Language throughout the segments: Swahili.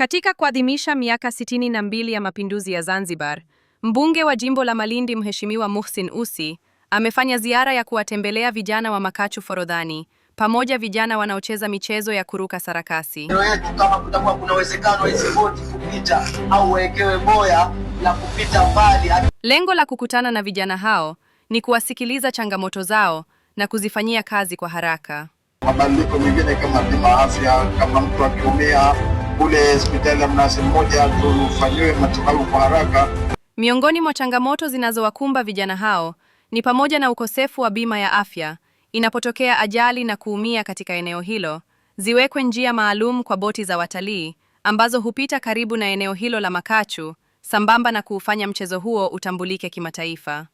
Katika kuadhimisha miaka sitini na mbili ya mapinduzi ya Zanzibar, mbunge wa jimbo la Malindi Mheshimiwa Muhsin usi amefanya ziara ya kuwatembelea vijana wa Makachu Forodhani, pamoja vijana wanaocheza michezo ya kuruka sarakasi. yetu kama kutakuwa kuna uwezekano hizi boti kupita au wekewe boya na kupita mbali. Lengo la kukutana na vijana hao ni kuwasikiliza changamoto zao na kuzifanyia kazi kwa haraka. Mabadiliko mengine kama bima afya, kama mtu akiumia kule hospitali ya Mnazi Mmoja tufanyiwe matibabu kwa haraka. Miongoni mwa changamoto zinazowakumba vijana hao ni pamoja na ukosefu wa bima ya afya inapotokea ajali na kuumia katika eneo hilo. Ziwekwe njia maalum kwa boti za watalii ambazo hupita karibu na eneo hilo la Makachu, sambamba na kuufanya mchezo huo utambulike kimataifa.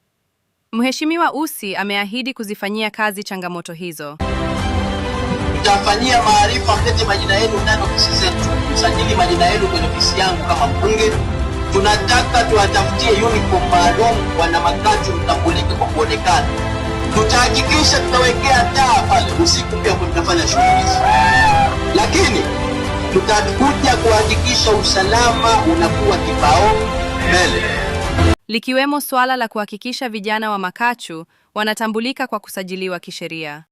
Mheshimiwa Ussi ameahidi kuzifanyia kazi changamoto hizo tutafanyia maarifa, mlete majina yenu ndani ofisi zetu, msajili majina yenu kwenye ofisi yangu kama mbunge. Tunataka tuwatafutie uniform maalum wana Makati, mtambulike kwa kuonekana. Tutahakikisha tutawekea taa pale usiku pia tunafanya shughuli hizi, lakini tutakuja kuhakikisha usalama unakuwa kipao mbele, likiwemo suala la kuhakikisha vijana wa Makachu wanatambulika kwa kusajiliwa kisheria.